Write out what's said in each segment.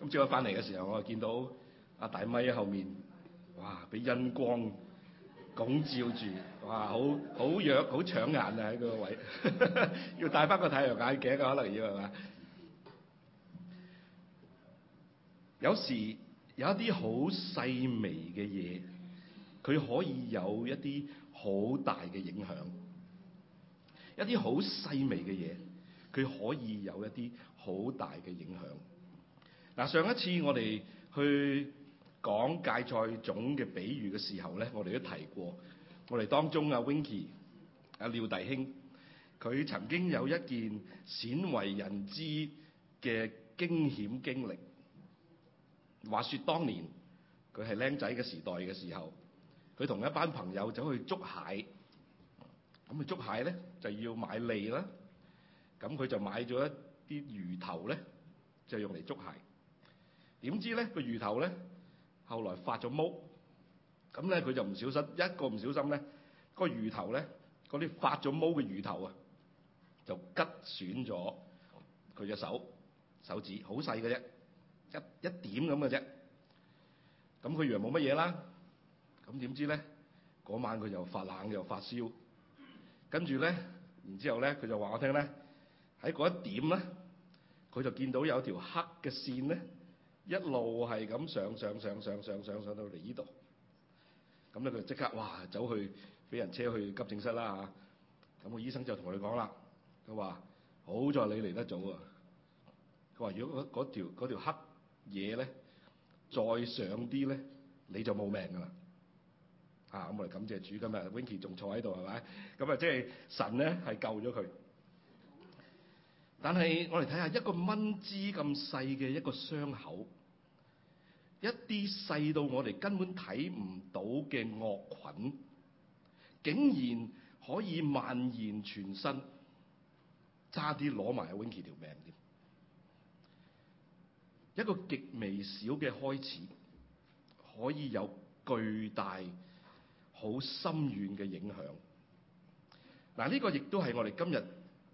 咁今朝我翻嚟嘅時候，我就見到阿大咪喺後面，哇！俾燈光拱照住，哇！好好弱，好搶眼啊！喺、那、嗰個位， 要戴翻個太陽眼鏡，可能要係嘛？有時有一啲好細微嘅嘢，佢可以有一啲好大嘅影響。一啲好細微嘅嘢，佢可以有一啲好大嘅影響。嗱，上一次我哋去講芥菜種嘅比喻嘅時候咧，我哋都提過，我哋當中阿 Winky 阿廖弟兄，佢曾經有一件鮮為人知嘅驚險經歷。話說當年佢係僆仔嘅時代嘅時候，佢同一班朋友走去捉蟹。咁去捉蟹咧，就要買餌啦。咁佢就買咗一啲魚頭咧，就用嚟捉蟹。點知咧，個魚頭咧，後來發咗毛咁咧，佢就唔小心一個唔小心咧，個魚頭咧，嗰啲發咗毛嘅魚頭啊，就拮損咗佢隻手手指，好細嘅啫，一一點咁嘅啫。咁佢以為冇乜嘢啦。咁點知咧嗰晚佢又發冷又發燒，跟住咧，然之後咧，佢就話我聽咧喺嗰一點咧，佢就見到有條黑嘅線咧。一路係咁上上上上上上上到嚟呢度，咁咧佢即刻哇走去飛人車去急症室啦嚇，咁個醫生就同佢講啦，佢話：好在你嚟得早啊！佢話如果嗰嗰條嗰條黑嘢咧再上啲咧，你就冇命噶啦嚇！咁我哋感謝主，今日 Winky 仲坐喺度係咪？咁啊即係神咧係救咗佢，但係我嚟睇下一個蚊滋咁細嘅一個傷口。一啲細到我哋根本睇唔到嘅惡菌，竟然可以蔓延全身，差啲攞埋阿 Winky 條命添。一個極微小嘅開始，可以有巨大、好深遠嘅影響。嗱，呢個亦都係我哋今日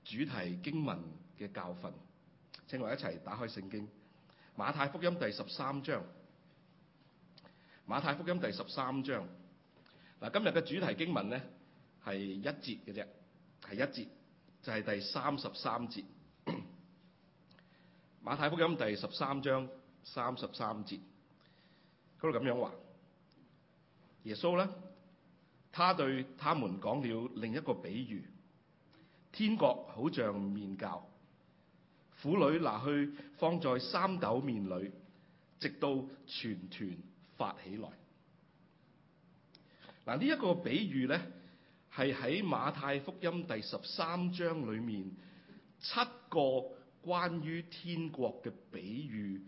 主題經文嘅教訓，請我一齊打開聖經，《馬太福音》第十三章。馬太福音第十三章，嗱今日嘅主題經文咧係一節嘅啫，係一節就係、是、第三十三節。馬太福音第十三章三十三節，佢度咁樣話：耶穌咧，他對他們講了另一個比喻，天國好像麵酵，婦女拿去放在三斗麵裏，直到全團。發起來嗱，呢、這、一個比喻呢，係喺馬太福音第十三章裡面七個關於天國嘅比喻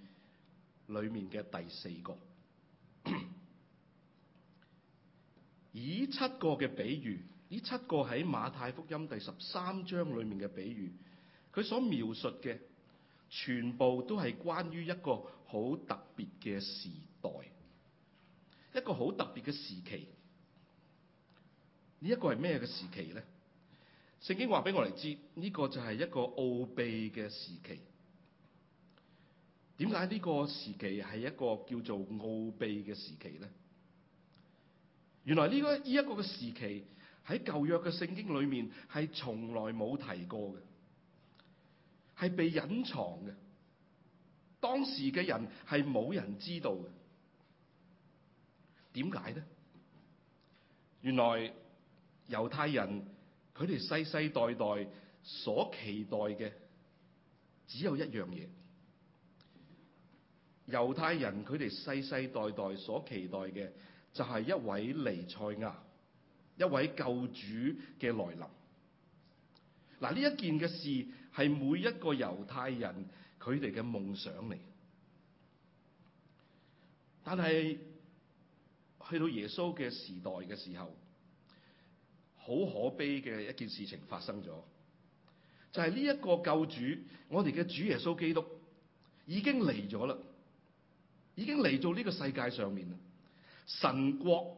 裡面嘅第四個。 以七個嘅比喻，呢七個喺馬太福音第十三章裡面嘅比喻，佢所描述嘅全部都係關於一個好特別嘅時代。一個好特別嘅時期，呢一個係咩嘅時期咧？聖經話俾我哋知，呢個就係一個奧秘嘅時期。點解呢個時期係一個叫做奧秘嘅時期咧？原來呢個呢一個嘅時期喺舊約嘅聖經裏面係從來冇提過嘅，係被隱藏嘅，當時嘅人係冇人知道嘅。點解咧？原來猶太人佢哋世世代代所期待嘅只有一樣嘢，猶太人佢哋世世代代所期待嘅就係、是、一位彌賽亞，一位救主嘅來臨。嗱，呢一件嘅事係每一個猶太人佢哋嘅夢想嚟，但係。去到耶穌嘅時代嘅時候，好可悲嘅一件事情發生咗，就係呢一個救主，我哋嘅主耶穌基督已經嚟咗啦，已經嚟到呢個世界上面啦，神國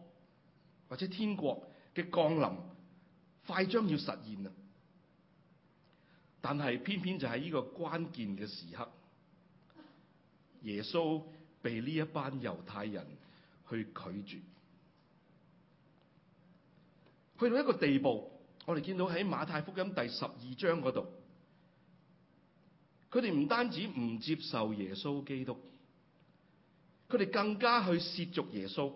或者天國嘅降臨快將要實現啦，但係偏偏就喺呢個關鍵嘅時刻，耶穌被呢一班猶太人。去拒絕，去到一個地步，我哋見到喺馬太福音第十二章嗰度，佢哋唔單止唔接受耶穌基督，佢哋更加去褻瀆耶穌。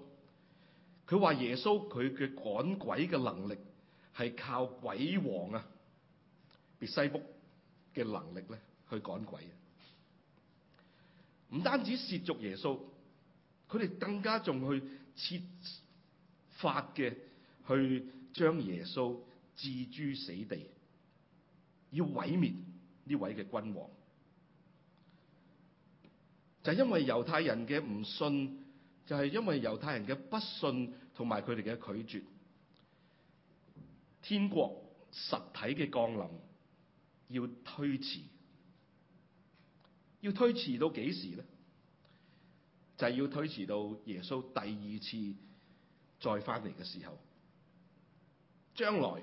佢話耶穌佢嘅趕鬼嘅能力係靠鬼王啊別西卜嘅能力咧去趕鬼啊，唔單止褻瀆耶穌。佢哋更加仲去設法嘅去將耶穌置諸死地，要毀滅呢位嘅君王，就係、因為猶太人嘅唔信，就係、是、因為猶太人嘅不信同埋佢哋嘅拒絕。天國實體嘅降臨要推遲，要推遲到幾時咧？就要推遲到耶穌第二次再翻嚟嘅時候，將來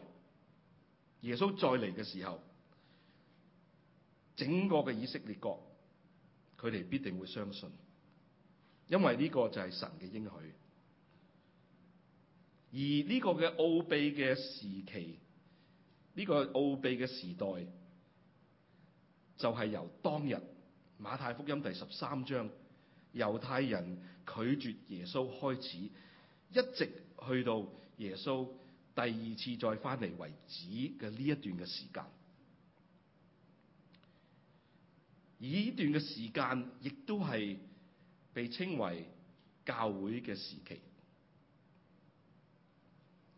耶穌再嚟嘅時候，整個嘅以色列國，佢哋必定會相信，因為呢個就係神嘅應許，而呢個嘅奧秘嘅時期，呢個奧秘嘅時代，就係由當日馬太福音第十三章。猶太人拒絕耶穌開始，一直去到耶穌第二次再翻嚟為止嘅呢一段嘅時間，而呢段嘅時間亦都係被稱為教會嘅時期。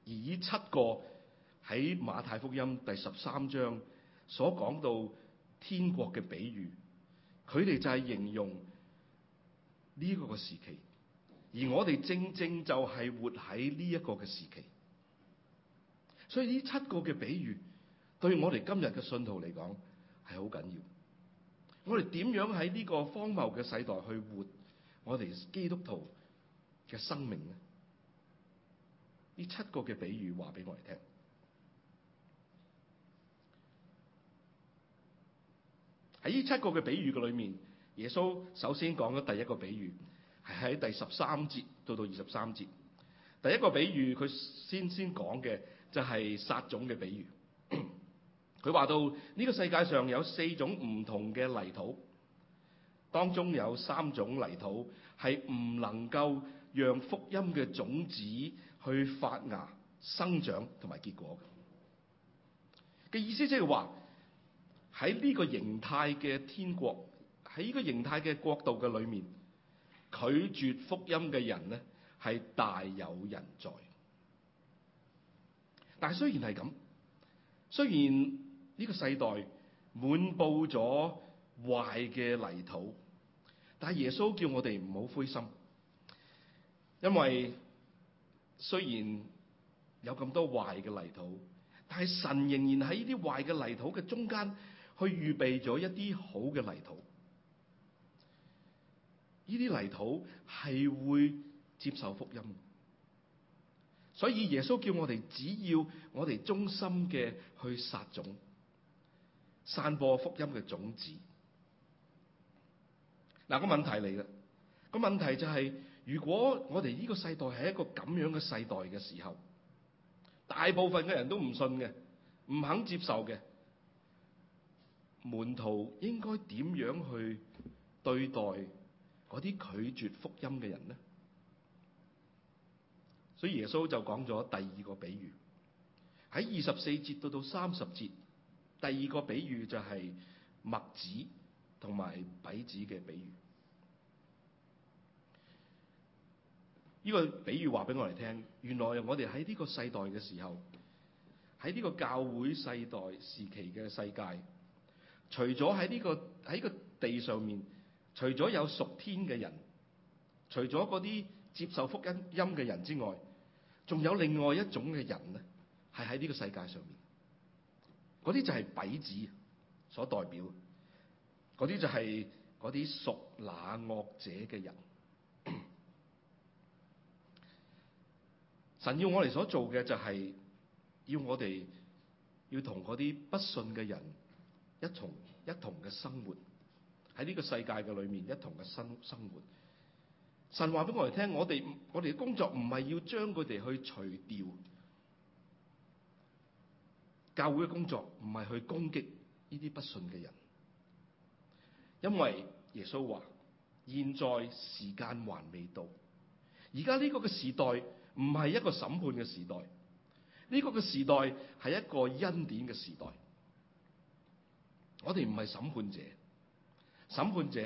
而呢七個喺馬太福音第十三章所講到天國嘅比喻，佢哋就係形容。呢個嘅時期，而我哋正正就係活喺呢一個嘅時期，所以呢七個嘅比喻對我哋今日嘅信徒嚟講係好緊要。我哋點樣喺呢個荒謬嘅世代去活我哋基督徒嘅生命呢？呢七個嘅比喻話俾我哋聽。喺呢七個嘅比喻嘅裏面。耶穌首先講咗第一個比喻，係喺第十三節到到二十三節。第一個比喻佢先先講嘅就係撒種嘅比喻。佢話 到呢、這個世界上有四種唔同嘅泥土，當中有三種泥土係唔能夠讓福音嘅種子去發芽、生長同埋結果嘅。嘅意思即係話喺呢個形態嘅天國。喺呢個形態嘅國度嘅裏面，拒絕福音嘅人呢係大有人在。但係雖然係咁，雖然呢個世代滿布咗壞嘅泥土，但係耶穌叫我哋唔好灰心，因為雖然有咁多壞嘅泥土，但係神仍然喺呢啲壞嘅泥土嘅中間去預備咗一啲好嘅泥土。呢啲泥土係會接受福音，所以耶穌叫我哋只要我哋忠心嘅去撒種、散播福音嘅種子。嗱、那，個問題嚟啦，個問題就係、是，如果我哋呢個世代係一個咁樣嘅世代嘅時候，大部分嘅人都唔信嘅，唔肯接受嘅，門徒應該點樣去對待？嗰啲拒絕福音嘅人咧，所以耶穌就講咗第二個比喻，喺二十四節到到三十節，第二個比喻就係麥子同埋稗子嘅比喻。呢、呢個比喻話俾我哋聽，原來我哋喺呢個世代嘅時候，喺呢個教會世代時期嘅世界，除咗喺呢個喺個地上面。除咗有屬天嘅人，除咗啲接受福音音嘅人之外，仲有另外一種嘅人咧，係喺呢個世界上面，啲就係稗子所代表，啲就係啲屬那惡者嘅人。 神要我哋所做嘅就係要我哋要同啲不信嘅人一同一同嘅生活。喺呢個世界嘅裏面一同嘅生生活，神話畀我哋聽，我哋我哋嘅工作唔係要將佢哋去除掉，教會嘅工作唔係去攻擊呢啲不信嘅人，因為耶穌話：現在時間還未到，而家呢個嘅時代唔係一個審判嘅時代，呢個嘅時代係一個恩典嘅時代，我哋唔係審判者。審判者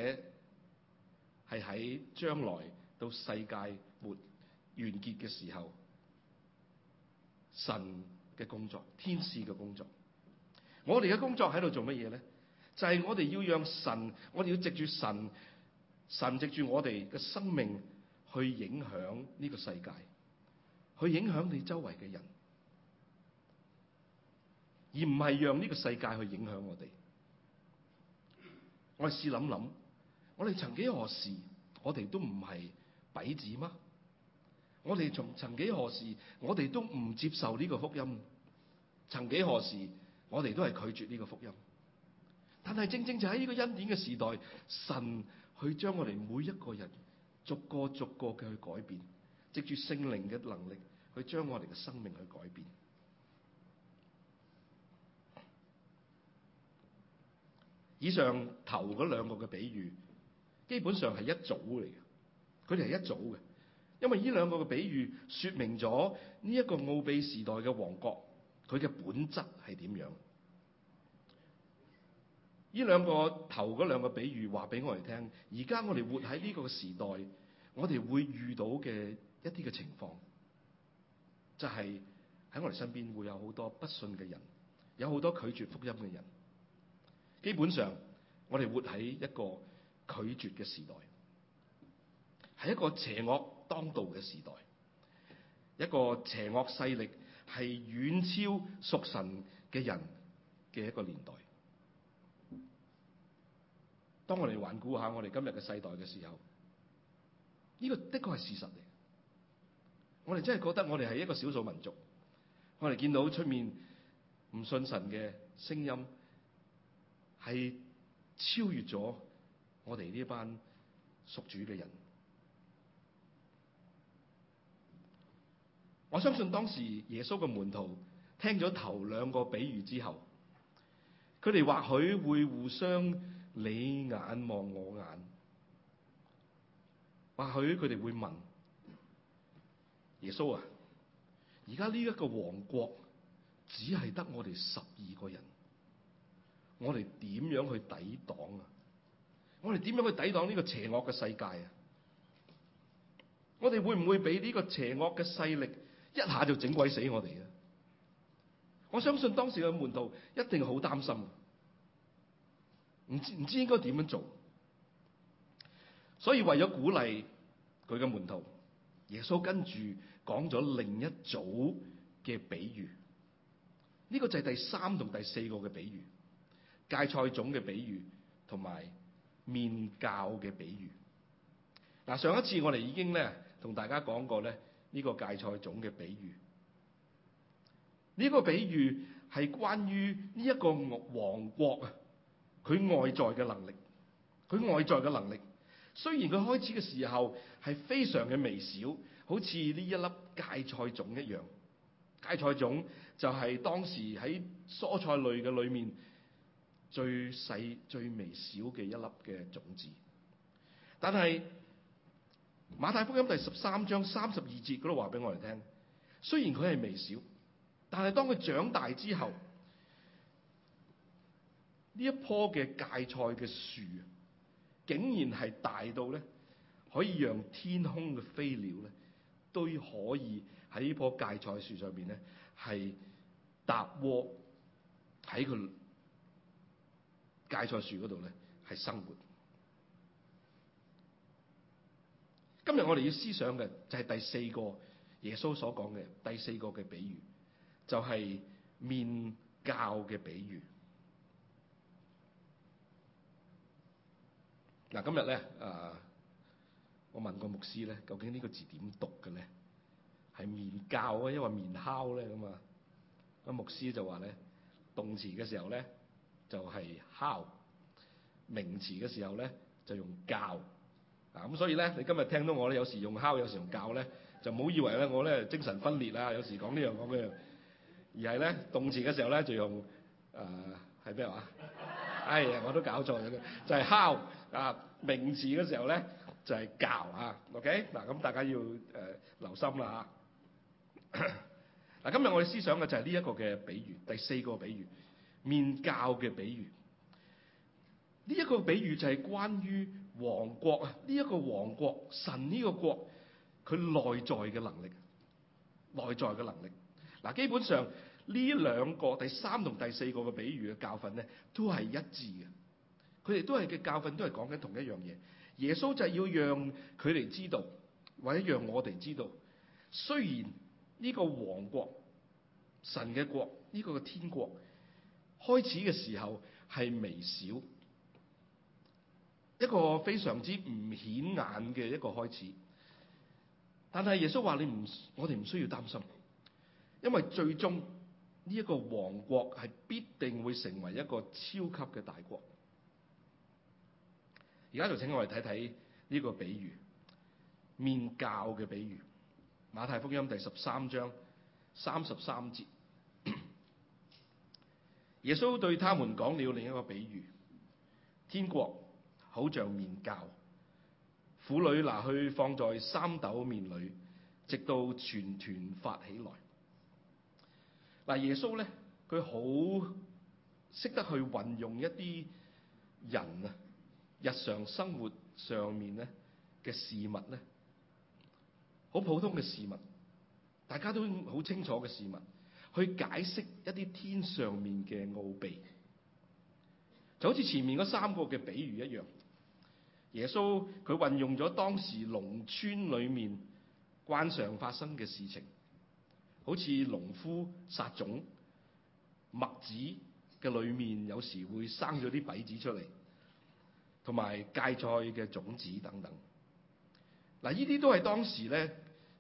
係喺將來到世界末完結嘅時候，神嘅工作，天使嘅工作。我哋嘅工作喺度做乜嘢咧？就係我哋要讓神，我哋要藉住神，神藉住我哋嘅生命去影響呢個世界，去影響你周圍嘅人，而唔係讓呢個世界去影響我哋。我試諗諗，我哋曾幾何時，我哋都唔係比子嗎？我哋從曾幾何時，我哋都唔接受呢個福音，曾幾何時，我哋都係拒絕呢個福音。但係正正就喺呢個恩典嘅時代，神去將我哋每一個人逐個逐個嘅去改變，藉住聖靈嘅能力去將我哋嘅生命去改變。以上頭兩個嘅比喻，基本上係一組嚟嘅，佢哋係一組嘅，因為呢兩個嘅比喻說明咗呢一個奧秘時代嘅王國，佢嘅本質係點樣？呢兩個頭兩個比喻話俾我哋聽，而家我哋活喺呢個時代，我哋會遇到嘅一啲嘅情況就係喺我哋身邊會有好多不信嘅人，有好多拒絕福音嘅人。基本上，我哋活喺一個拒絕嘅時代，係一個邪惡當道嘅時代，一個邪惡勢力係遠超屬神嘅人嘅一個年代。當我哋環顧下我哋今日嘅世代嘅時候，呢個的確係事實嚟。我哋真係覺得我哋係一個少數民族。我哋見到出面唔信神嘅聲音。係超越咗我哋呢一班屬主嘅人。我相信當時耶穌嘅門徒聽咗頭兩個比喻之後，佢哋或許會互相你眼望我眼，或許佢哋會問耶穌啊，而家呢一個王國只係得我哋十二個人？我哋點樣去抵擋啊？我哋點樣去抵擋呢個邪惡嘅世界啊？我哋會唔會俾呢個邪惡嘅勢力一下就整鬼死我哋啊？我相信當時嘅門徒一定好擔心，唔知唔知應該點樣做。所以為咗鼓勵佢嘅門徒，耶穌跟住講咗另一組嘅比喻。呢個就係第三同第四個嘅比喻。芥菜種嘅比喻同埋麵酵嘅比喻。嗱，上一次我哋已經咧同大家講過咧呢個芥菜種嘅比喻，呢個比喻係關於呢一個王國啊，佢外在嘅能力，佢外在嘅能力，雖然佢開始嘅時候係非常嘅微小，好似呢一粒芥菜種一樣，芥菜種就係當時喺蔬菜類嘅裏面。最細最微小嘅一粒嘅種子，但係馬太福音第十三章三十二節嗰度話俾我哋聽，雖然佢係微小，但係當佢長大之後，呢一棵嘅芥菜嘅樹，竟然係大到咧，可以讓天空嘅飛鳥咧，都可以喺呢棵芥菜樹上面咧係搭窩喺佢。芥菜樹嗰度咧係生活。今日我哋要思想嘅就係第四個耶穌所講嘅第四個嘅比喻，就係麵酵嘅比喻。嗱，今日咧啊，我問過牧師咧，究竟呢個字點讀嘅咧？係麵酵啊，因為麵敲咧咁嘛。咁牧師就話咧，動詞嘅時候咧。就係敲，名詞嘅時候咧，就用教啊咁，啊，所以咧你今日聽到我咧，有時用敲，有時用教咧，就唔好以為咧我咧精神分裂啊，有時講呢、這、樣、個、講嗰、這、樣、個，而係咧動詞嘅時候咧就用誒，係咩話？哎，呀，我都搞錯咗嘅，就係、是、敲啊，名詞嘅時候咧就係、是、教啊。OK 嗱，咁大家要誒、呃、留心啦嚇嗱。今日我哋思想嘅就係呢一個嘅比喻，第四個比喻。麵酵嘅比喻，呢一個比喻就係關於王國啊。呢一個王國，神呢個國，佢內在嘅能力，內在嘅能力。嗱，基本上呢兩個第三同第四個嘅比喻嘅教訓咧，都係一致嘅。佢哋都係嘅教訓都係講緊同一樣嘢。耶穌就係要讓佢哋知道，或者讓我哋知道，雖然呢個王國，神嘅國，呢個嘅天國。開始嘅時候係微小，一個非常之唔顯眼嘅一個開始。但係耶穌話：你唔，我哋唔需要擔心，因為最終呢一個王國係必定會成為一個超級嘅大國。而家就請我哋睇睇呢個比喻，麵酵嘅比喻，馬太福音第十三章三十三節。耶穌對他們講了另一個比喻：天國好像麵酵，婦女拿去放在三斗麵裏，直到全團發起來。嗱，耶穌呢，佢好識得去運用一啲人啊，日常生活上面咧嘅事物咧，好普通嘅事物，大家都好清楚嘅事物。去解釋一啲天上面嘅奧秘，就好似前面嗰三個嘅比喻一樣。耶穌佢運用咗當時農村裡面慣常發生嘅事情，好似農夫撒種，麥子嘅裏面有時會生咗啲秕子出嚟，同埋芥菜嘅種子等等。嗱，呢啲都係當時咧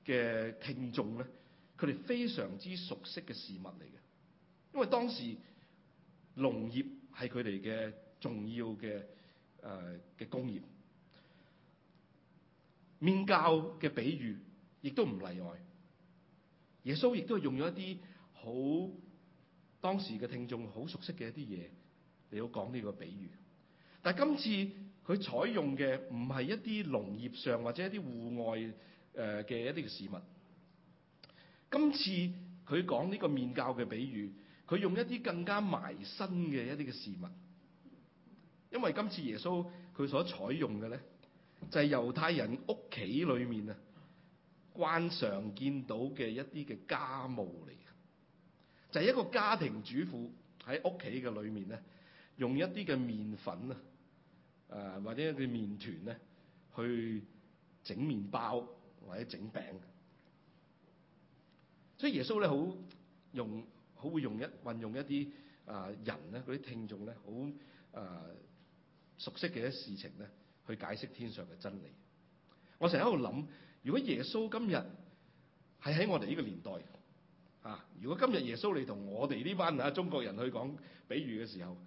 嘅聽眾咧。佢哋非常之熟悉嘅事物嚟嘅，因為當時農業係佢哋嘅重要嘅誒嘅工業。麵酵嘅比喻亦都唔例外，耶穌亦都係用咗一啲好當時嘅聽眾好熟悉嘅一啲嘢嚟到講呢個比喻。但係今次佢採用嘅唔係一啲農業上或者一啲戶外誒嘅、呃、一啲嘅事物。今次佢講呢個麵酵嘅比喻，佢用一啲更加埋身嘅一啲嘅事物，因為今次耶穌佢所採用嘅呢，就係猶太人屋企裏面啊，慣常見到嘅一啲嘅家務嚟嘅，就係一個家庭主婦喺屋企嘅裏面呢，用一啲嘅麵粉啊，誒、呃、或者一啲麵團呢，去整麵包或者整餅。所以耶穌咧好用，好會用一運用一啲啊、呃、人咧嗰啲聽眾咧好啊熟悉嘅一事情咧，去解釋天上嘅真理。我成日喺度諗，如果耶穌今日係喺我哋呢個年代啊，如果今日耶穌嚟同我哋呢班啊中國人去講比喻嘅時候，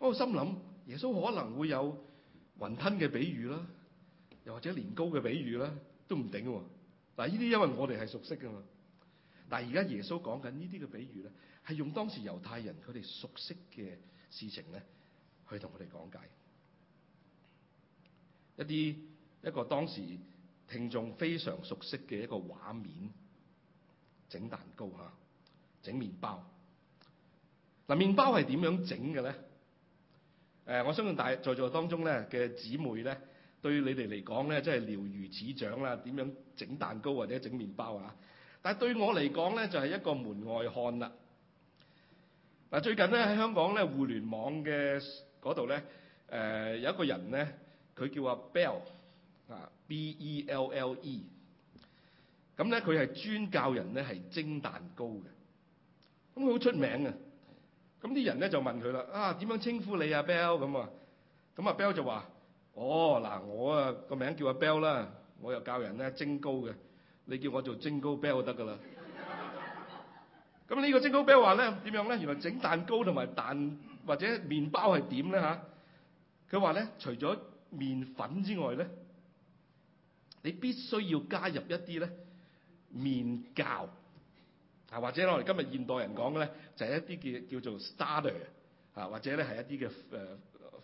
我心諗耶穌可能會有雲吞嘅比喻啦，又或者年糕嘅比喻啦，都唔定喎。嗱，呢啲因為我哋係熟悉㗎嘛。但係而家耶穌講緊呢啲嘅比喻咧，係用當時猶太人佢哋熟悉嘅事情咧，去同佢哋講解一啲一個當時聽眾非常熟悉嘅一個畫面，整蛋糕吓，整、啊、麵包。嗱、啊、麵包係點樣整嘅咧？誒、啊，我相信大在座當中咧嘅姊妹咧，對你哋嚟講咧，真係了如指掌啦。點樣整蛋糕或者整麵包啊？但係對我嚟講咧，就係、是、一個門外漢啦。嗱，最近咧喺香港咧互聯網嘅嗰度咧，誒、呃、有一個人咧，佢叫阿 Bell 啊，B-E-L-L-E。咁咧佢係專教人咧係蒸蛋糕嘅，咁佢好出名啊。咁啲人咧就問佢啦：啊，點樣稱呼你啊，Bell？咁啊，咁、嗯、啊，Bell 就話：哦，嗱，我啊個名叫阿 Bell 啦，我又教人咧蒸糕嘅。你叫我做蒸糕餅就得噶啦。咁 呢個蒸糕餅話咧點樣咧？原來整蛋糕同埋蛋或者麵包係點咧嚇？佢話咧除咗麵粉之外咧，你必須要加入一啲咧麵酵啊，或者我哋今日現代人講嘅咧就係、是、一啲嘅叫，叫做 starter 啊，或者咧係一啲嘅誒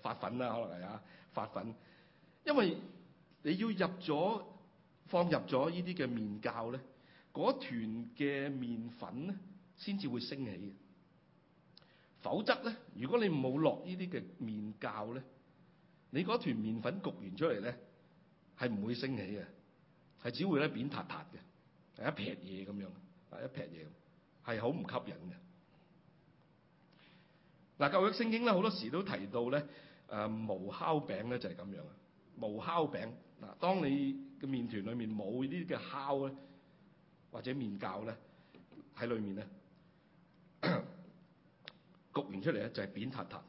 發粉啦，可能係啊發粉，因為你要入咗。放入咗呢啲嘅麵酵咧，嗰團嘅麵粉咧先至會升起嘅。否則咧，如果你冇落呢啲嘅麵酵咧，你嗰團麵粉焗完出嚟咧，係唔會升起嘅，係只會咧扁塌塌嘅，係一撇嘢咁樣，係一撇嘢，係好唔吸引嘅。嗱，舊約聖經咧好多時都提到咧，誒，無酵餅咧就係咁樣啊，無酵餅，嗱，當你嘅麵團裏面冇呢啲嘅酵咧，或者麵酵咧喺裏面咧，焗完出嚟咧就係扁塌塌。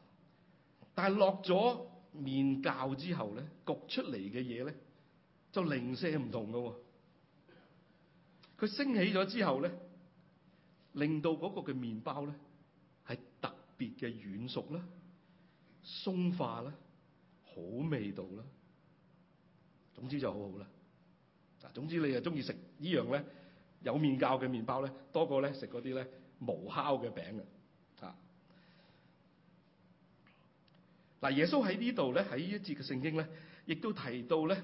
但係落咗麵酵之後咧，焗出嚟嘅嘢咧就零舍唔同㗎喎。佢升起咗之後咧，令到嗰個嘅麵包咧係特別嘅軟熟啦、鬆化啦、好味道啦。總之就好好啦。嗱，總之你又中意食呢樣咧有麵酵嘅麵包咧，多過咧食嗰啲咧無烤嘅餅嘅、啊。啊，嗱，耶穌喺呢度咧喺呢一節嘅聖經咧，亦都提到咧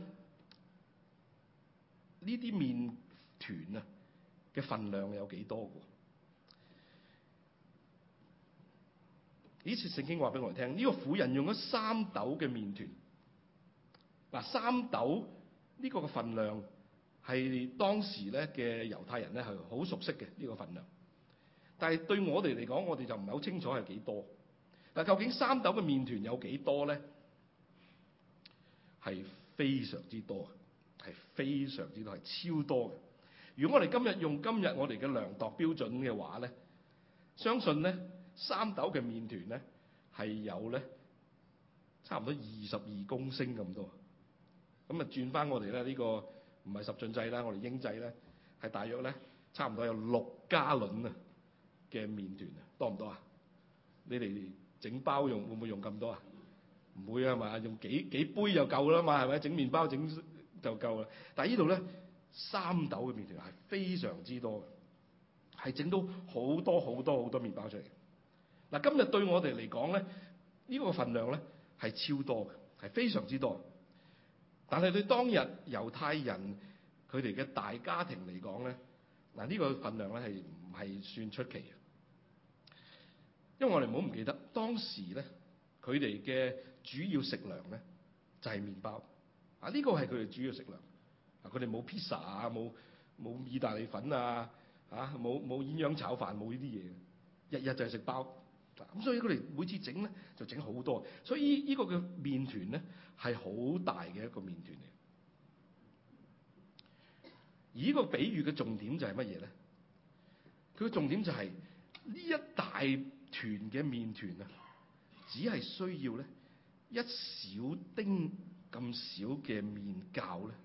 呢啲麵團啊嘅份量有幾多嘅、啊？呢次聖經話俾我哋聽，呢、呢個婦人用咗三斗嘅麵團。嗱，三斗呢個嘅份量。係當時咧嘅猶太人咧係好熟悉嘅呢個份量，但係對我哋嚟講，我哋就唔係好清楚係幾多。嗱，究竟三斗嘅麵團有幾多咧？係非常之多嘅，係非常之多，係超多嘅。如果我哋今日用今日我哋嘅量度標準嘅話咧，相信咧三斗嘅麵團咧係有咧差唔多二十二公升咁多。咁啊，轉返我哋咧呢個。唔係十進制啦，我哋英制咧係大約咧，差唔多有六加侖啊嘅麵團啊，多唔多啊？你哋整包用會唔會用咁多啊？唔會啊嘛，用幾幾杯就夠啦嘛，係咪？整麵包整就夠啦。但係呢度咧三斗嘅麵團係非常之多嘅，係整到好多好多好多，多麵包出嚟。嗱、啊，今日對我哋嚟講咧，這個、呢個份量咧係超多嘅，係非常之多。但係對當日猶太人佢哋嘅大家庭嚟講咧，嗱、這、呢個份量咧係唔係算出奇？因為我哋唔好唔記得當時咧，佢哋嘅主要食糧咧就係、是、麵包啊。呢、這個係佢哋主要食糧啊。佢哋冇披 i 啊，冇冇意大利粉啊，嚇冇冇飼養炒飯，冇呢啲嘢，日日就係食包。咁所以佢哋每次整咧就整好多，所以個呢個嘅麵團咧係好大嘅一個麵團嚟嘅。而呢個比喻嘅重點就係乜嘢咧？佢嘅重點就係、是、呢一大團嘅麵團啊，只係需要咧一小丁咁少嘅麵酵咧，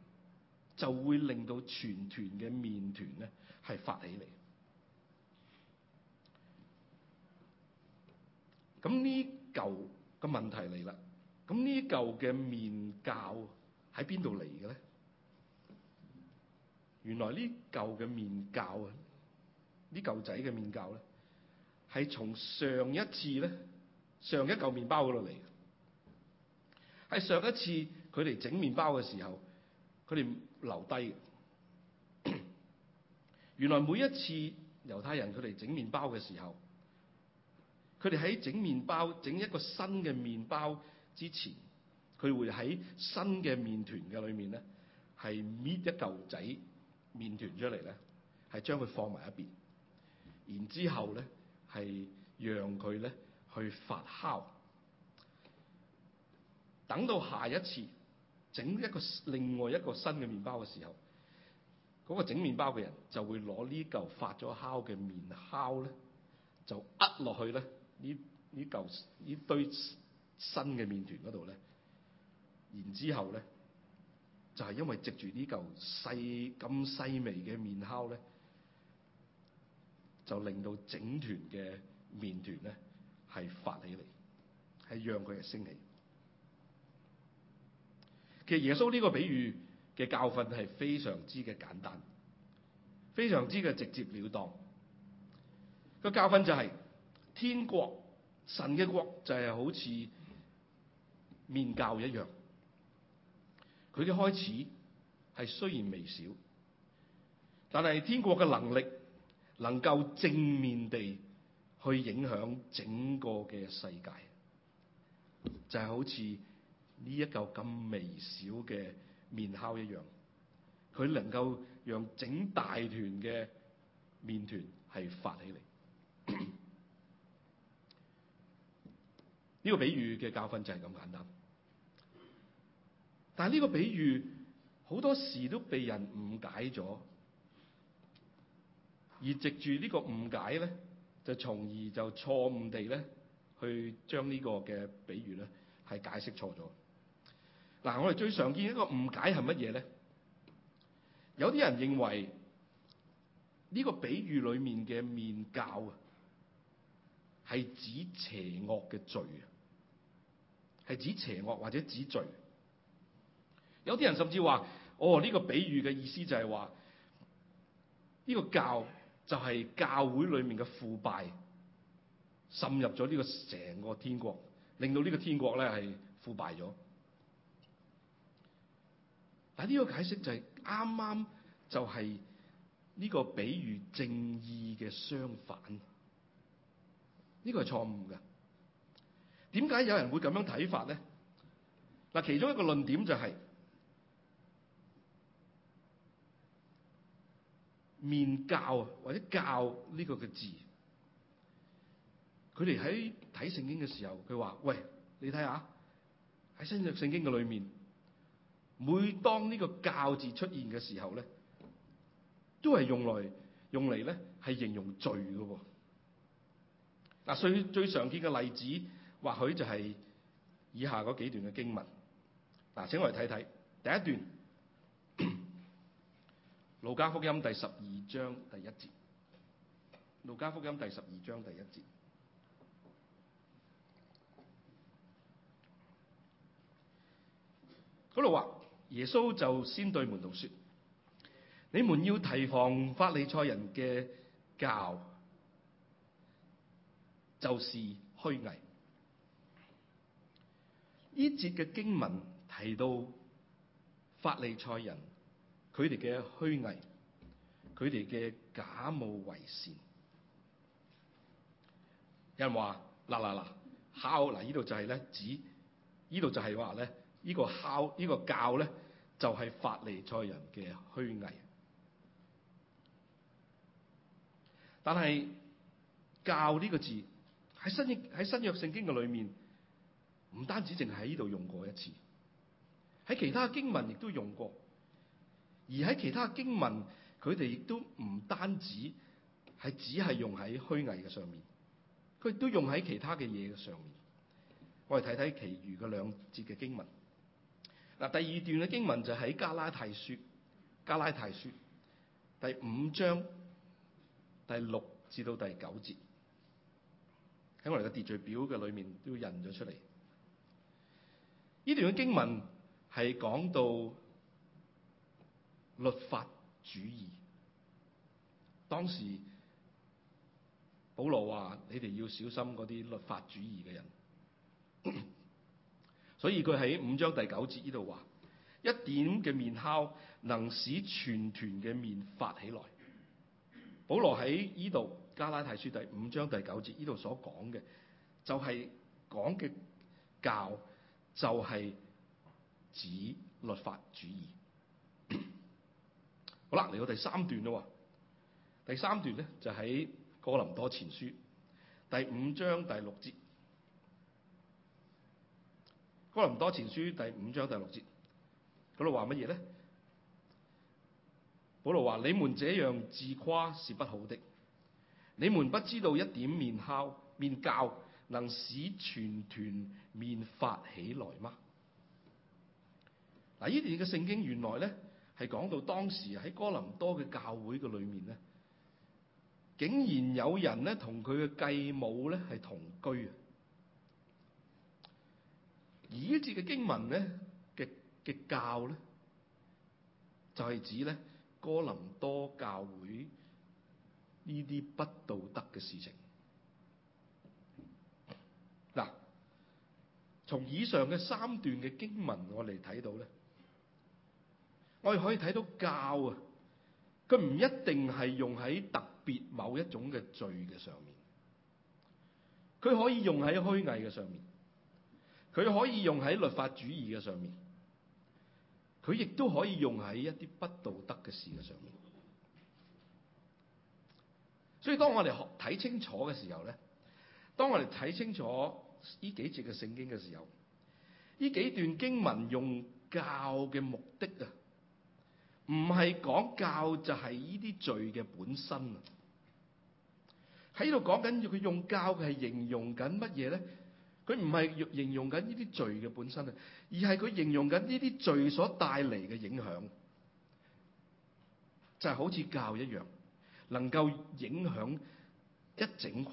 就會令到全團嘅麵團咧係發起嚟。咁呢嚿嘅問題嚟啦，咁呢嚿嘅麵酵喺邊度嚟嘅咧？原來呢嚿嘅麵酵啊，呢嚿仔嘅麵酵咧，係從上一次咧，上一嚿麵包嗰度嚟嘅，係上一次佢哋整麵包嘅時候，佢哋留低嘅。 原來每一次猶太人佢哋整麵包嘅時候，佢哋喺整麵包、整一個新嘅麵包之前，佢會喺新嘅麵團嘅裏面咧，係搣一嚿仔麵團出嚟咧，係將佢放埋一邊，然之後咧係讓佢咧去發酵。等到下一次整一個另外一個新嘅麵包嘅時候，嗰、那個整麵包嘅人就會攞呢嚿發咗酵嘅麵酵咧，就呃落去咧。呢呢嚿呢堆新嘅麵團嗰度咧，然之後咧就係、是、因為藉住呢嚿細咁細微嘅麵酵咧，就令到整團嘅麵團咧係發起嚟，係讓佢嘅升起。其實耶穌呢個比喻嘅教訓係非常之嘅簡單，非常之嘅直接了當。個教訓就係、是。天國神嘅國就係好似麵酵一樣，佢嘅開始係雖然微小，但係天國嘅能力能夠正面地去影響整個嘅世界，就係、是、好似呢一舊咁微小嘅麵酵一樣，佢能夠讓整大團嘅麵團係發起嚟。呢個比喻嘅教訓就係咁簡單，但係呢個比喻好多時都被人誤解咗，而藉住呢個誤解咧，就從而就錯誤地咧，去將呢個嘅比喻咧係解釋錯咗。嗱，我哋最常見一個誤解係乜嘢咧？有啲人認為呢個比喻裏面嘅麵酵啊，係指邪惡嘅罪啊。係指邪惡或者指罪，有啲人甚至話哦，呢個比喻嘅意思就係話呢個教就係教會裏面嘅腐敗滲入咗呢個成個天國，令到呢個天國咧係腐敗咗。但係呢個解釋就係啱啱就係呢個比喻正義嘅相反，呢個係錯誤嘅。點解有人會咁樣睇法咧？嗱，其中一個論點就係、是、麵酵或者酵呢個嘅字，佢哋喺睇聖經嘅時候，佢話：喂，你睇下喺新約聖經嘅裏面，每當呢個酵字出現嘅時候咧，都係用來用嚟咧係形容罪㗎喎。嗱，最最常見嘅例子。或許就係以下幾段嘅經文，嗱，請我哋睇睇。第一段《路加福音》第十二章第一節，《路加福音》第十二章第一節嗰度話，耶穌就先對門徒說：你們要提防法利賽人嘅酵，就是虛偽。呢節嘅經文提到法利賽人佢哋嘅虛偽，佢哋嘅假冒為善。有人話嗱嗱嗱，孝嗱呢度就係咧指，呢度就係話咧呢個孝，呢個教咧就係法利賽人嘅虛偽。但係教呢個字喺新喺新約聖經嘅裏面。唔單止淨喺呢度用過一次，喺其他經文亦都用過，而喺其他經文，佢哋亦都唔單止係只係用喺虛偽嘅上面，佢亦都用喺其他嘅嘢嘅上面。我哋睇睇其餘嘅兩節嘅經文。嗱，第二段嘅經文就喺加拉太書，加拉太書第五章第六至到第九節，喺我哋嘅秩序表嘅裏面都印咗出嚟。呢段嘅經文係講到律法主義。當時保羅話：你哋要小心嗰啲律法主義嘅人。 所以佢喺五章第九節呢度話：一點嘅麵酵能使全團嘅麵發起來。保羅喺呢度加拉太書第五章第九節呢度所講嘅，就係講嘅教。就係指律法主義。好啦，嚟 到第三段咯。第三段咧就喺、是、哥林多前書第五章第六節。哥林多前書第五章第六節，嗰度話乜嘢咧？保羅話：你們這樣自誇是不好的。你們不知道一點麵酵，麵酵。」能使全團麵發起來嗎？嗱，呢段嘅聖經原來咧係講到當時喺哥林多嘅教會嘅裏面咧，竟然有人咧同佢嘅繼母咧係同居啊！而呢節嘅經文咧嘅嘅教咧，就係指咧哥林多教會呢啲不道德嘅事情。從以上嘅三段嘅經文我，我嚟睇到咧，我哋可以睇到教啊，佢唔一定係用喺特別某一種嘅罪嘅上面，佢可以用喺虛偽嘅上面，佢可以用喺律法主義嘅上面，佢亦都可以用喺一啲不道德嘅事嘅上面。所以當我哋學睇清楚嘅時候咧，當我哋睇清楚。呢幾節嘅聖經嘅時候，呢幾段經文用教嘅目的啊，唔係講教就係呢啲罪嘅本身啊，喺度講緊佢用教嘅係形容緊乜嘢咧？佢唔係用形容緊呢啲罪嘅本身啊，而係佢形容緊呢啲罪所帶嚟嘅影響，就係好似教一樣，能夠影響一整群。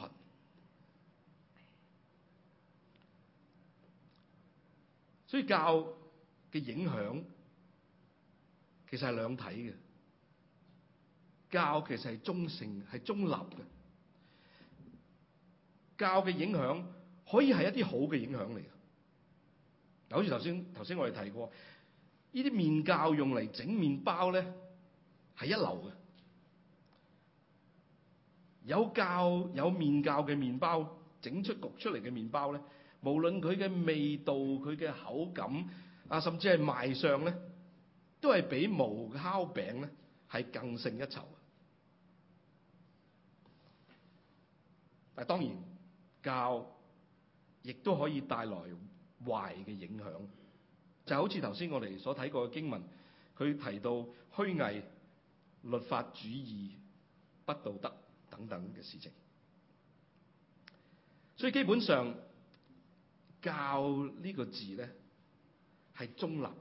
所以酵嘅影響其實係兩體嘅，酵其實係中性、係中立嘅。酵嘅影響可以係一啲好嘅影響嚟嘅，嗱，好似頭先頭先我哋提過，呢啲麵酵用嚟整麵包咧係一流嘅，有酵有麵酵嘅麵包整出焗出嚟嘅麵包咧。無論佢嘅味道、佢嘅口感啊，甚至係賣相咧，都係比無酵餅咧係更勝一籌。但當然，酵亦都可以帶來壞嘅影響，就好似頭先我哋所睇過嘅經文，佢提到虛偽、律法主義、不道德等等嘅事情，所以基本上。教呢個字咧係中立嘅，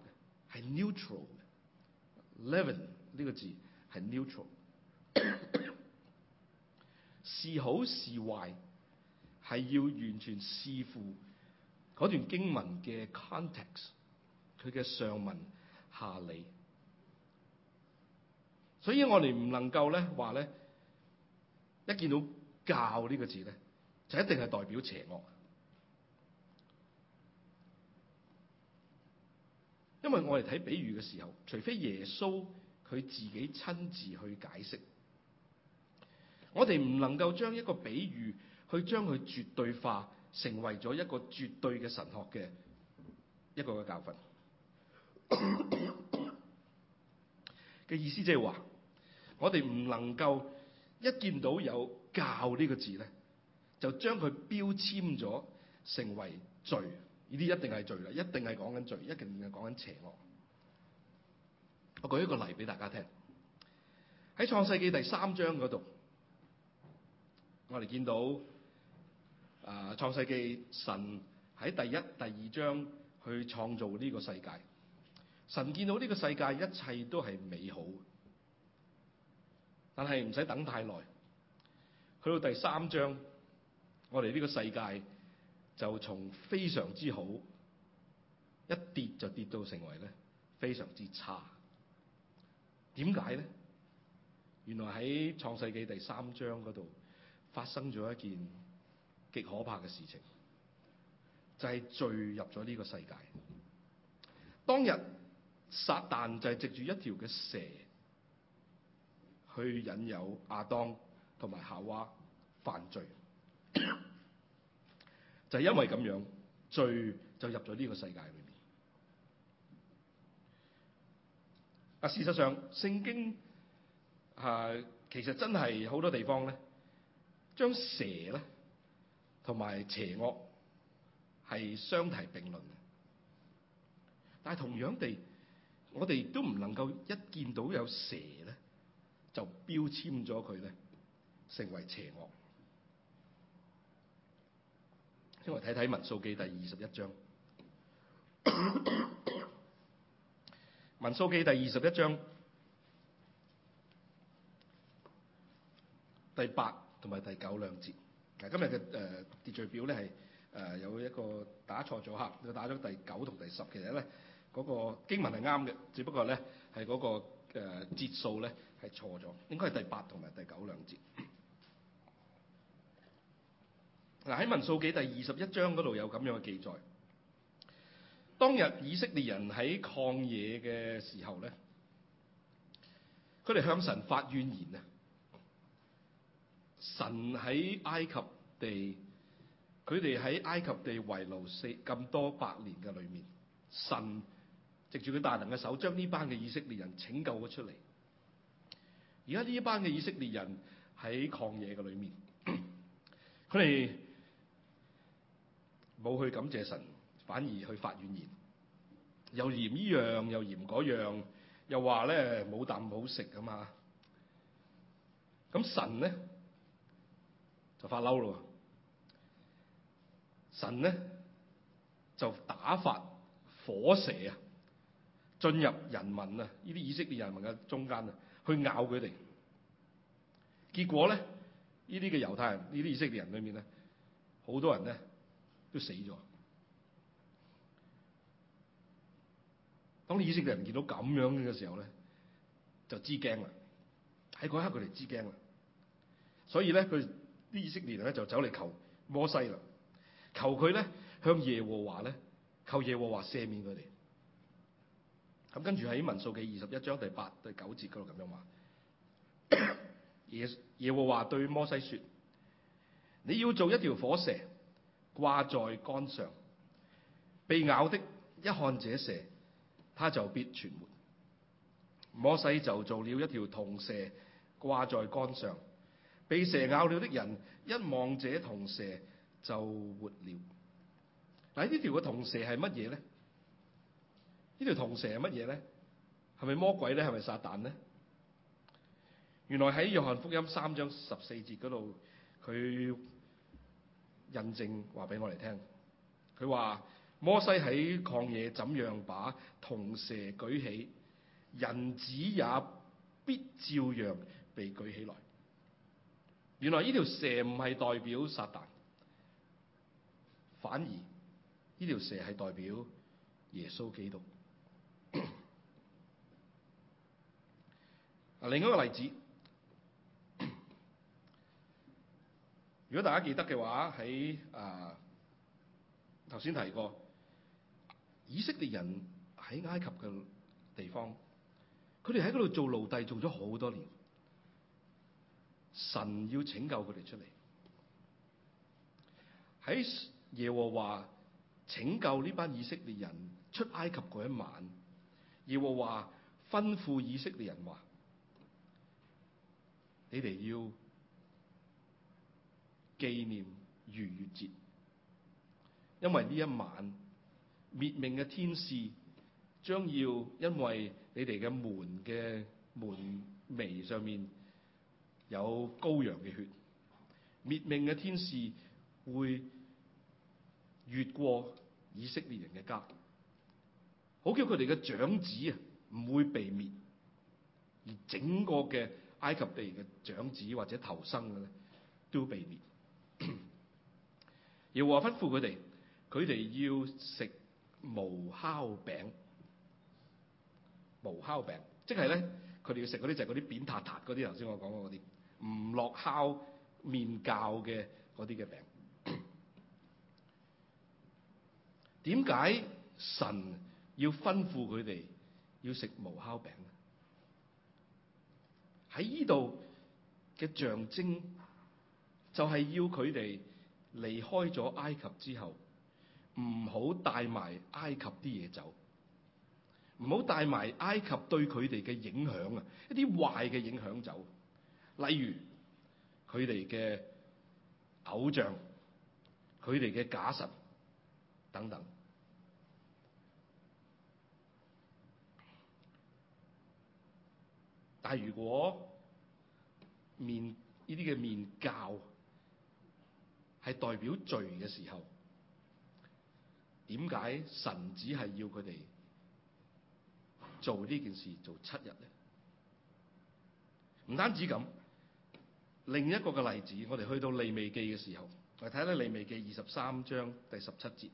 係 neutral 嘅，leaven 呢個字係 neutral， 是好是壞，係要完全視乎嗰段經文嘅 context，佢嘅上文下理，所以我哋唔能夠咧話咧，一見到教呢個字咧就一定係代表邪惡。因為我哋睇比喻嘅時候，除非耶穌佢自己親自去解釋，我哋唔能夠將一個比喻去將佢絕對化，成為咗一個絕對嘅神學嘅一個嘅教訓嘅 意思，即係話我哋唔能夠一見到有酵呢個字咧，就將佢標籤咗成為罪。呢啲一定係罪啦，一定係講緊罪，一定係講緊邪惡。我舉一個例俾大家聽，喺創世紀第三章嗰度，我哋見到啊創、呃、世紀神喺第一、第二章去創造呢個世界，神見到呢個世界一切都係美好，但係唔使等太耐，去到第三章，我哋呢個世界。就從非常之好，一跌就跌到成為咧非常之差。點解咧？原來喺創世記第三章嗰度發生咗一件極可怕嘅事情，就係墜入咗呢個世界。當日撒旦就係藉住一條嘅蛇去引誘亞當同埋夏娃犯罪。 就因為咁樣，罪就入咗呢個世界裏面。啊，事實上聖經啊，其實真係好多地方咧，將蛇咧同埋邪惡係相提並論嘅。但係同樣地，我哋都唔能夠一見到有蛇咧，就標籤咗佢咧，成為邪惡。因為睇睇《民數記》第二十一章，《民數記》第二十一章第八同埋第九兩節。今日嘅誒、呃、秩序表咧係誒有一個打錯咗吓，我打咗第九同第十，其實咧嗰、那個經文係啱嘅，只不過咧係嗰個誒、呃、節數咧係錯咗，應該係第八同埋第九兩節。喺民數記第二十一章嗰度有咁樣嘅記載，當日以色列人喺曠野嘅時候咧，佢哋向神發怨言啊！神喺埃及地，佢哋喺埃及地遺留四咁多百年嘅裏面，神藉住佢大能嘅手，將呢班嘅以色列人拯救咗出嚟。而家呢一班嘅以色列人喺曠野嘅裏面，佢哋。冇去感謝神，反而去發怨言，又嫌呢樣，又嫌嗰樣，又話咧冇啖好食㗎嘛！咁神咧就發嬲咯，神咧就打發火蛇啊，進入人民啊，呢啲以色列人民嘅中間啊，去咬佢哋。結果咧，呢啲嘅猶太人、呢啲以色列人裏面咧，好多人咧。都死咗。當以色列人見到咁樣嘅時候咧，就知驚啦。喺嗰一刻佢哋知驚啦，所以咧佢啲以色列人咧就走嚟求摩西啦，求佢咧向耶和華咧求耶和華赦免佢哋。咁跟住喺民數記二十一章第八第九節嗰度咁樣話， 耶耶和華對摩西說：你要做一條火蛇。掛在杆上，被咬的一看這蛇，他就必存活。摩西就做了一條銅蛇掛在杆上，被蛇咬了的人一望這銅蛇就活了。但呢條嘅銅蛇係乜嘢咧？呢條銅蛇係乜嘢咧？係咪魔鬼咧？係咪撒旦咧？原來喺約翰福音三章十四節嗰度，佢。印證話俾我哋聽，佢話摩西喺曠野怎樣把銅蛇舉起，人子也必照樣被舉起來。原來呢條蛇唔係代表撒旦，反而呢條蛇係代表耶穌基督。嗱， 另一個例子。如果大家記得嘅話，喺啊頭先提過，以色列人喺埃及嘅地方，佢哋喺嗰度做奴隸做咗好多年，神要拯救佢哋出嚟。喺耶和華拯救呢班以色列人出埃及嗰一晚，耶和華吩咐以色列人話：「你哋要」紀念逾越節，因為呢一晚滅命嘅天使將要因為你哋嘅門嘅門楣上面有羔羊嘅血，滅命嘅天使會越過以色列人嘅家，好叫佢哋嘅長子啊唔會被滅，而整個嘅埃及地人嘅長子或者頭生嘅咧都要被滅。耶和華吩咐佢哋，佢哋要食無酵餅，無酵餅，即係咧，佢哋要食嗰啲就係嗰啲扁塌塌嗰啲，頭先我講嗰啲唔落酵麵教嘅嗰啲嘅餅。點解 神要吩咐佢哋要食無酵餅？喺呢度嘅象徵。就係要佢哋離開咗埃及之後，唔好帶埋埃及啲嘢走，唔好帶埋埃及對佢哋嘅影響啊，一啲壞嘅影響走，例如佢哋嘅偶像，佢哋嘅假神等等。但係如果麵呢啲嘅麵酵？係代表罪嘅時候，點解神只係要佢哋做呢件事做七日咧？唔單止咁，另一個嘅例子，我哋去到利未記嘅時候，我哋睇睇利未記二十三章第十七節，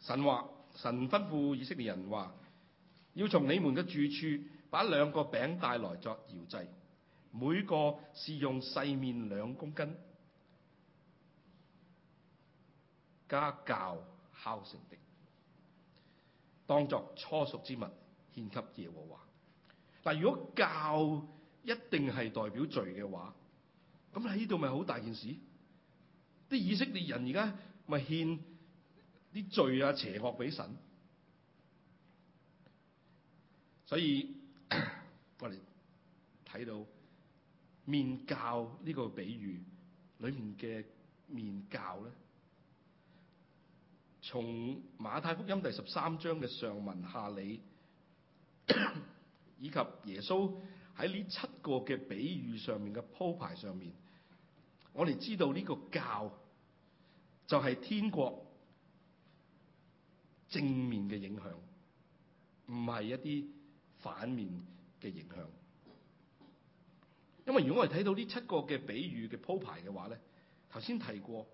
神話，神吩咐以色列人話，要從你們嘅住處把兩個餅帶來作搖祭。每個是用細麵兩公斤加酵烤成的，當作初熟之物獻給耶和華。但如果酵一定係代表罪嘅話，咁喺呢度咪好大件事？啲以色列人而家咪獻啲罪啊，邪惡俾神，所以 我哋睇到。麵酵，面，麵酵呢個比喻裏面嘅麵酵咧，從馬太福音第十三章嘅上文下理，以及耶穌喺呢七個嘅比喻上面嘅鋪排上面，我哋知道呢個酵就係天國正面嘅影響，唔係一啲反面嘅影響。因為如果我哋睇到呢七個嘅比喻嘅鋪排嘅話咧，頭先提過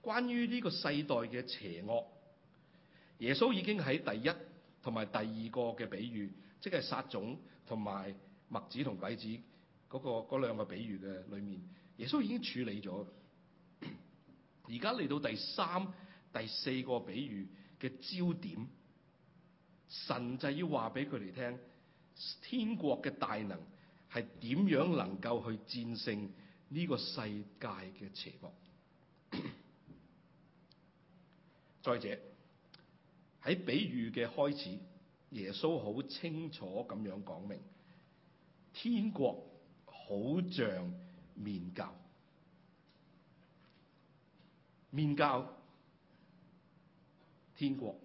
關於呢個世代嘅邪惡，耶穌已經喺第一同埋第二個嘅比喻，即係撒種同埋麥子同鬼子，嗰個兩個比喻嘅裏面，耶穌已經處理咗。而家嚟到第三、第四個比喻嘅焦點，神就要話俾佢哋聽，天國嘅大能。係點樣能夠去戰勝呢個世界嘅邪惡？ 再者喺比喻嘅開始，耶穌好清楚咁樣講明，天國好像麵酵，麵酵天國，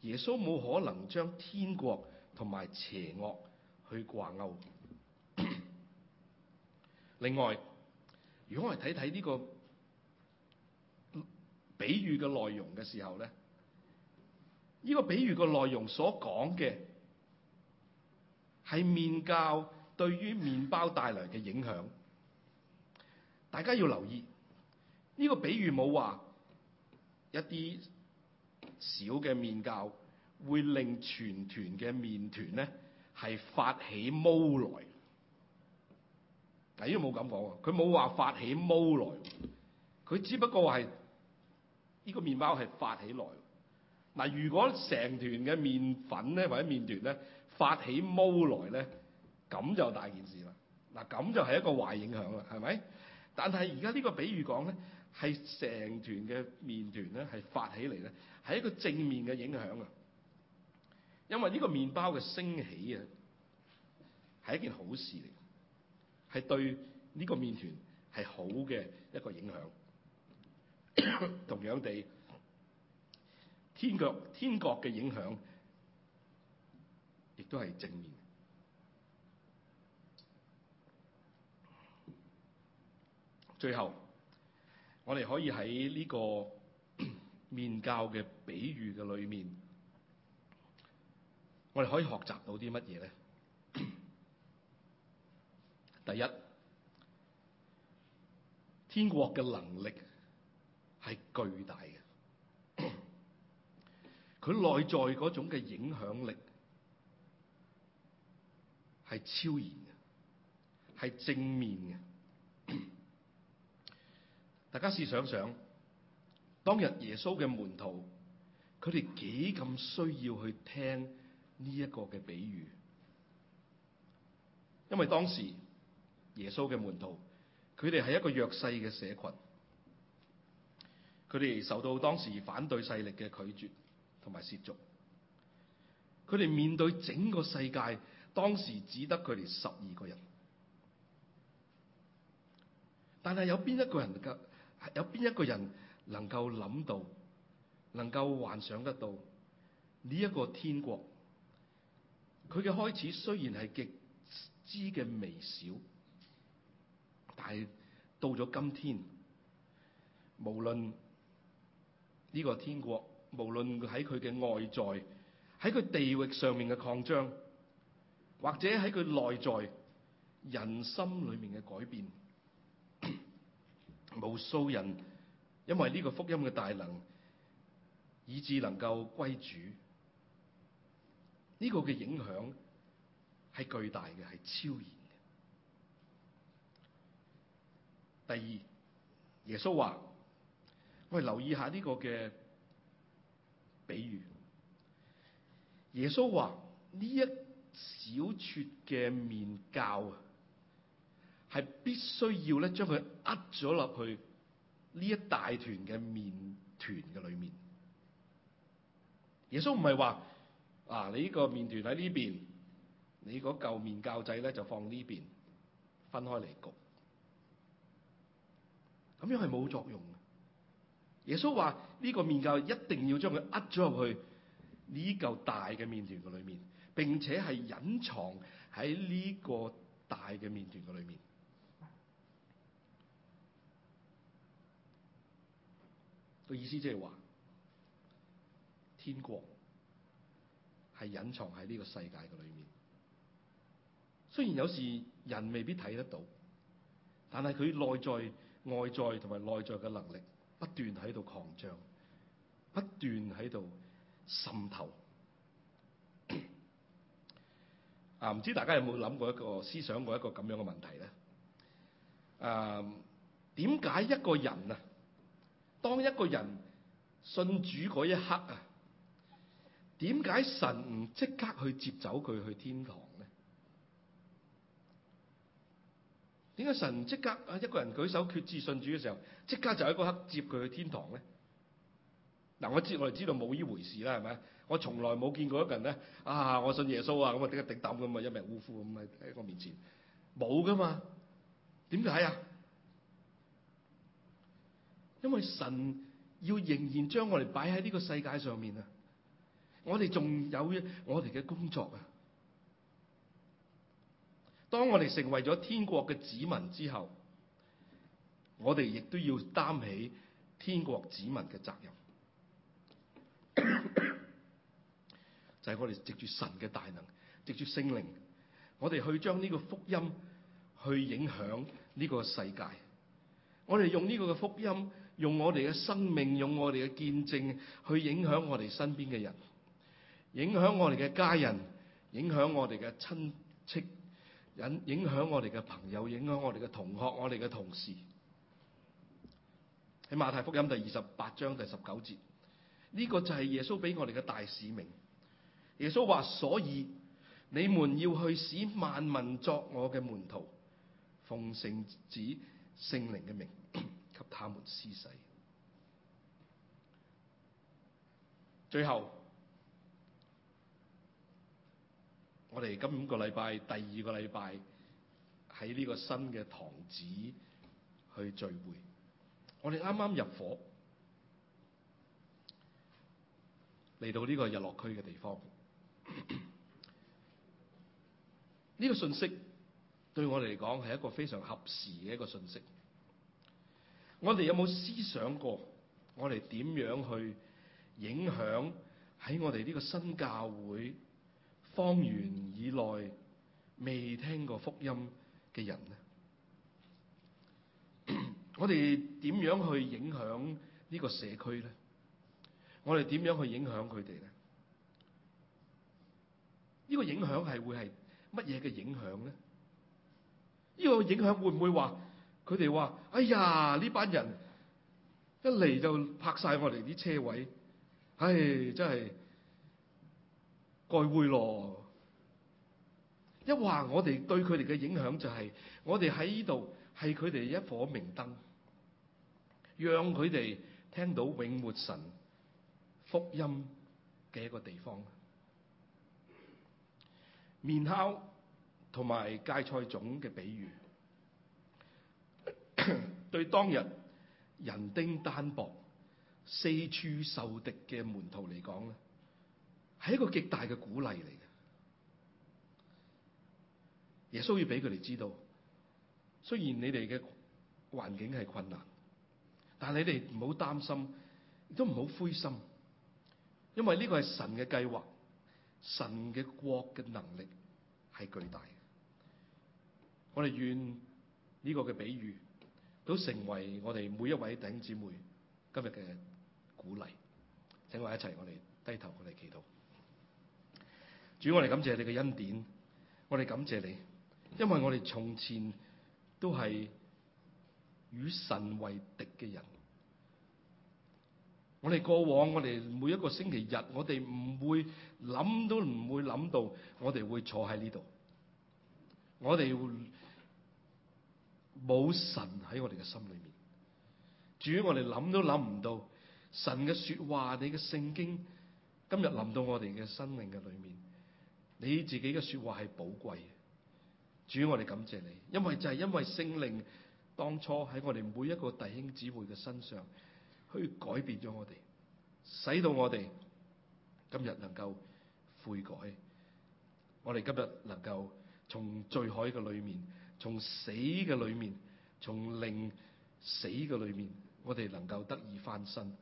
耶穌冇可能將天國同埋邪惡去掛鈎。另外，如果我哋睇睇呢個比喻嘅內容嘅時候咧，呢、這個比喻嘅內容所講嘅係麵酵對於麵包帶嚟嘅影響，大家要留意呢、這個比喻冇話一啲小嘅麵酵會令全團嘅麵團咧係發起毛來。第一，冇咁講啊，佢冇話發起毛來，佢只不過係呢個麵包係發起來。嗱，如果成團嘅麵粉咧或者麵團咧發起毛來咧，咁就大件事啦。嗱，咁就係一個壞影響啦，係咪？但係而家呢個比喻講咧，係成團嘅麵團咧係發起嚟咧，係一個正面嘅影響啊。因為呢個麵包嘅升起啊，係一件好事嚟。係對呢個麵團係好嘅一個影響。 同樣地，天國天國嘅影響亦都係正面。最後，我哋可以喺呢、這個 麵酵嘅比喻嘅裏面，我哋可以學習到啲乜嘢咧？第一，天國嘅能力係巨大嘅，佢 內在嗰種嘅影響力係超然嘅，係正面嘅。 大家試想想，當日耶穌嘅門徒，佢哋幾咁需要去聽呢一個嘅比喻，因為當時，耶穌嘅門徒，佢哋係一個弱勢嘅社群，佢哋受到當時反對勢力嘅拒絕同埋褻瀆，佢哋面對整個世界，當時只得佢哋十二個人，但係有邊一個人噶？有邊一個人能夠諗到，能夠幻想得到呢一個天國？佢嘅開始雖然係極之嘅微小。係到咗今天，無論呢個天國，無論喺佢嘅外在，喺佢地域上面嘅擴張，或者喺佢內在，人心裏面嘅改變，無數人因為呢個福音嘅大能，以致能夠歸主，呢個嘅影響係巨大嘅，係超然。第二，耶穌話：喂，留意下呢個嘅比喻。耶穌話呢一小撮嘅麵酵啊，係必須要咧將佢呃咗落去呢一大團嘅麵團嘅裏面。耶穌唔係話啊，你呢個麵團喺呢邊，你個舊麵酵劑咧就放呢邊分開嚟焗。咁樣係冇作用嘅。耶穌話呢、這個麵酵一定要將佢呃咗入去呢嚿、這個、大嘅麵糰嘅裏面，並且係隱藏喺呢個大嘅麵糰嘅裏面。個意思即係話，天國係隱藏喺呢個世界嘅裏面。雖然有時人未必睇得到，但係佢內在。外在同埋內在嘅能力不斷喺度狂漲，不斷喺度滲透。 啊，唔知大家有冇諗過一個、思想過一個咁樣嘅問題咧？啊，點解一個人啊，當一個人信主嗰一刻啊，點解神唔即刻去接走佢去天堂？點解神即刻啊，一個人舉手決志信主嘅時候，即刻就喺嗰刻接佢去天堂咧？嗱，我知，我哋知道冇呢回事啦，係咪？我從來冇見過一個人咧啊！我信耶穌啊，咁啊，點解滴答咁啊，一命嗚呼咁啊喺我面前冇㗎嘛？點解啊？因為神要仍然將我哋擺喺呢個世界上面啊！我哋仲有我哋嘅工作啊！當我哋成為咗天國嘅子民之後，我哋亦都要擔起天國子民嘅責任， 就係我哋藉住神嘅大能，藉住聖靈，我哋去將呢個福音去影響呢個世界。我哋用呢個嘅福音，用我哋嘅生命，用我哋嘅見證去影響我哋身邊嘅人，影響我哋嘅家人，影響我哋嘅親戚。引影響我哋嘅朋友，影響我哋嘅同學，我哋嘅同事。喺馬太福音第二十八章第十九節，呢個就係耶穌俾我哋嘅大使命。耶穌話，所以你們要去使萬民作我嘅門徒，奉聖子聖靈嘅名咳咳給他們施洗。最後。我哋今個禮拜第二個禮拜喺呢個新嘅堂子去聚會，我哋啱啱入伙嚟到呢個日落區嘅地方，呢咳咳、呢個信息對我嚟講係一個非常合時嘅一個信息。我哋有冇思想過，我哋點樣去影響喺我哋呢個新教會？方圓以內未聽過福音嘅人咧，我哋點樣去影響呢個社區咧？我哋點樣去影響佢哋咧？呢個影響係會係乜嘢嘅影響咧？呢個影響會唔會話佢哋話：哎呀，呢班人一嚟就拍晒我哋啲車位，唉，真係。該會咯，一話我哋對佢哋嘅影響就係、是，我哋喺呢度係佢哋一顆明燈，讓佢哋聽到永活神福音嘅一個地方。麵酵同埋芥菜種嘅比喻， 對當日人丁單薄、四處受敵嘅門徒嚟講咧。係一個極大嘅鼓勵嚟嘅，耶穌要俾佢哋知道，雖然你哋嘅環境係困難，但係你哋唔好擔心，亦都唔好灰心，因為呢個係神嘅計劃，神嘅國嘅能力係巨大嘅。我哋願呢個嘅比喻都成為我哋每一位弟兄姊妹今日嘅鼓勵，請我一齊我哋低頭我哋祈禱。主，我哋感謝你嘅恩典，我哋感謝你，因為我哋從前都係與神為敵嘅人。我哋過往，我哋每一個星期日，我哋唔會諗都唔會諗到我會，我哋會坐喺呢度。我哋會冇神喺我哋嘅心裏面，主，我哋諗都諗唔到神嘅說話，你嘅聖經今日臨到我哋嘅心靈嘅裏面。你自己嘅說話係寶貴嘅，主，我哋感謝你，因為就係因為聖靈當初喺我哋每一個弟兄姊妹嘅身上，去改變咗我哋，使到我哋今日能夠悔改，我哋今日能夠從罪海嘅裏面，從死嘅裏面，從靈死嘅裏面，我哋能夠得以翻身，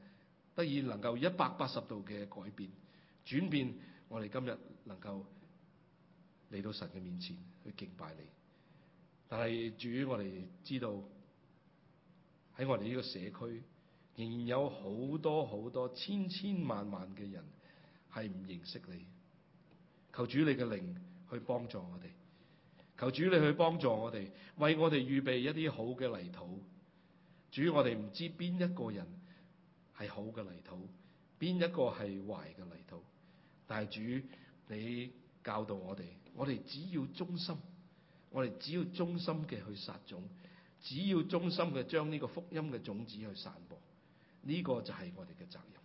得以能夠一百八十度嘅改變轉變，我哋今日能夠。嚟到神嘅面前去敬拜你，但係主，我哋知道喺我哋呢個社區仍然有好多好多千千萬萬嘅人係唔認識你。求主你嘅靈去幫助我哋，求主你去幫助我哋，為我哋預備一啲好嘅泥土。主於我哋唔知邊一個人係好嘅泥土，邊一個係壞嘅泥土，但係主，你教導我哋。我哋只要忠心，我哋只要忠心嘅去撒種，只要忠心嘅將呢個福音嘅種子去散播，呢、這個就係我哋嘅責任。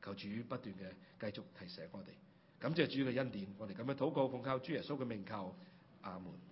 求主不斷嘅繼續提醒我哋，即係主嘅恩典，我哋咁樣禱告，奉靠主耶穌嘅名求，阿門。